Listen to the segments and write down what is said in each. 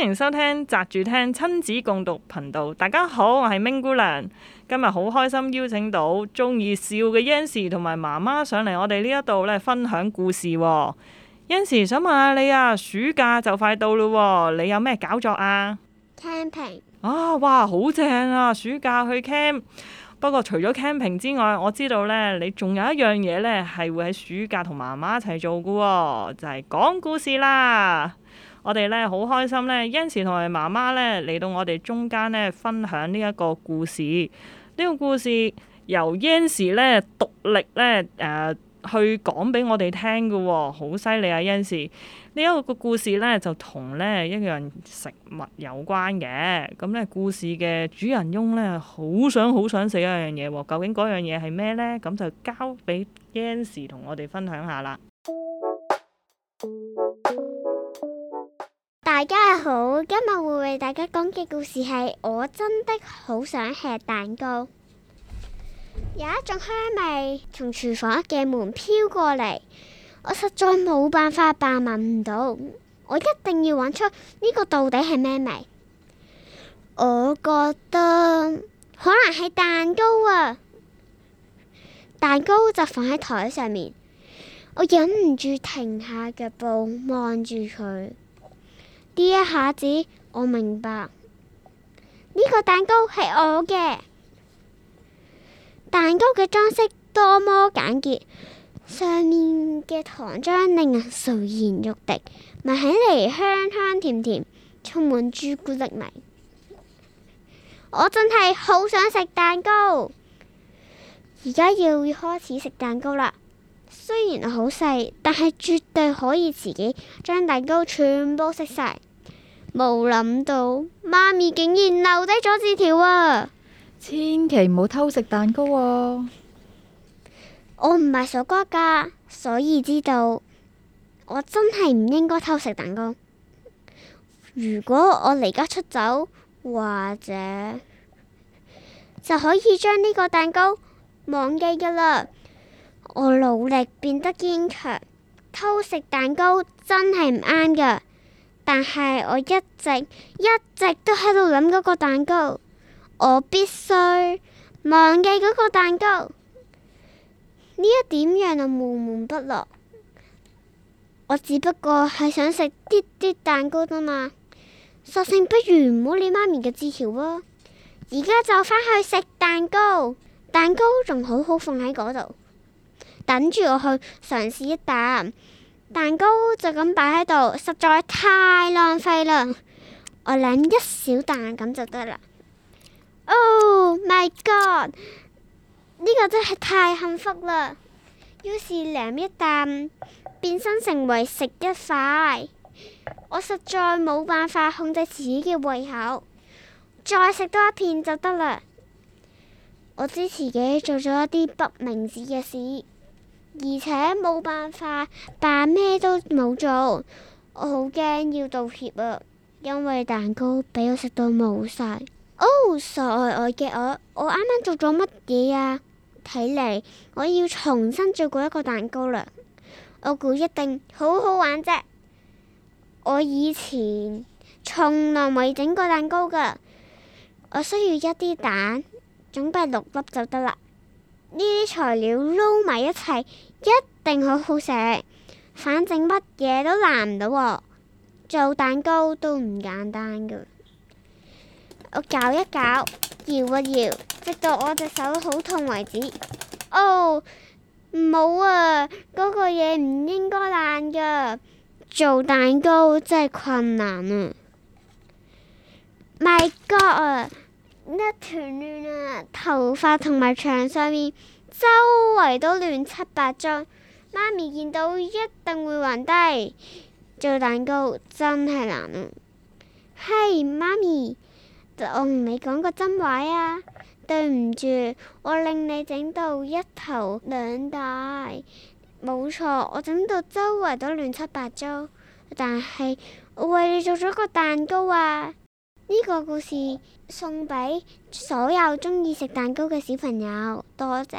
歡迎收聽宅住聽親子共讀頻道。大家好，我係明姑娘。今日好開心邀請到中意笑嘅 Yancy 同埋媽媽上嚟我哋呢一度咧分享故事。Yancy 想問下你啊，暑假就快到咯，你有咩搞作啊？Camping 啊，哇，好正啊！暑假去 camp，不過除咗 camping 之外，我知道呢，你仲有一樣嘢呢係會喺暑假同媽媽一齊做嘅，就係講故事啦。我哋咧好開心呢，Yancy 同埋媽媽呢嚟到我哋中間呢分享呢一個故事。呢、這個故事由 Yancy 獨立咧去講俾我哋聽嘅喎、哦，好犀利啊 Yancy 呢一個個故事咧就同咧一樣食物有關嘅。咁、嗯、咧故事嘅主人翁咧好想好想食一樣嘢喎、哦。究竟嗰樣嘢係咩咧？咁就交俾 Yancy 同我哋分享下啦。大家好，今日會為大家講嘅故事係，我真的好想吃蛋糕。有一種香味從廚房嘅門飄過嚟，我實在冇辦法扮聞唔到，我一定要揾出呢個到底係咩味。我覺得可能係蛋糕啊，蛋糕就放喺台上面，我忍唔住停下腳步望住佢。呢一下子我明白，呢個蛋糕係我嘅。蛋糕嘅裝飾多麼簡潔，上面嘅糖漿令人垂涎欲滴，聞起嚟香香甜甜，充滿朱古力味。我真係好想食蛋糕，而家要開始食蛋糕啦。雖然好細，但係絕對可以自己將蛋糕全部食晒。冇諗到媽咪竟然留低咗字條啊！千祈唔好偷食蛋糕啊！我唔係傻瓜噶，所以知道我真係唔應該偷食蛋糕。如果我離家出走或者，就可以將呢個蛋糕忘記噶啦。我努力變得堅強，偷食蛋糕真係唔啱噶。但係我一直一直都喺度諗嗰個蛋糕，我必須忘記嗰個蛋糕。呢一點讓我悶悶不樂。我只不過係想食啲啲蛋糕啫嘛，索性不如唔好理媽咪嘅紙條喎。而家就翻去食蛋糕，蛋糕仲好好放喺嗰度。等住我去嘗試一啖蛋糕，就咁擺喺度，實在太浪費啦！我舐一小啖咁就得啦。Oh my god！呢個真係太幸福啦！於是舐一啖，變身成為食一塊，我實在冇辦法控制自己嘅胃口，再食多一片就得啦。我知道自己做咗一啲不明智嘅事。而且冇辦法，扮咩都冇做，我好驚要道歉啊！因為蛋糕俾我食到冇晒。哦，傻呆呆嘅我，我啱啱做咗乜嘢啊？睇嚟我要重新做過一個蛋糕啦！我估一定好好玩啫。我以前從來未整過蛋糕噶，我需要一啲蛋，準備六粒就得啦。呢啲材料撈埋一齊，一定好好食。反正乜嘢都難唔到喎，做蛋糕都唔簡單噶。我攪一攪，搖一搖，直到我隻手好痛為止。哦，冇啊，嗰個嘢唔應該爛噶。做蛋糕真係困難啊！My God 啊！一團亂啊！頭髮同埋牆上面周圍都亂七八糟，媽咪見到一定會暈低。做蛋糕，真係難啊！嘿，媽咪，我同你講個真話啊！對唔住，我令你整到一頭兩大，冇錯，我整到周圍都亂七八糟，但係我為你做咗個蛋糕啊！呢個故事送俾所有鍾意食蛋糕嘅小朋友，多謝。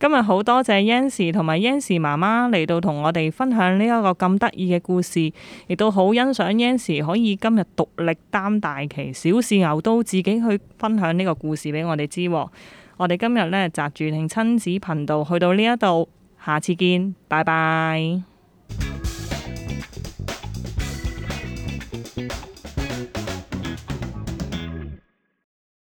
今日好多謝，謝 Yancy 同埋 Yancy 媽媽嚟到同我哋分享呢一個咁得意嘅故事，亦都好欣賞 Yancy 可以今日獨力擔大旗，小試牛刀自己去分享呢個故事俾我哋知。我哋今日呢，宅住聽親子頻道去到呢一度，下次見，拜拜。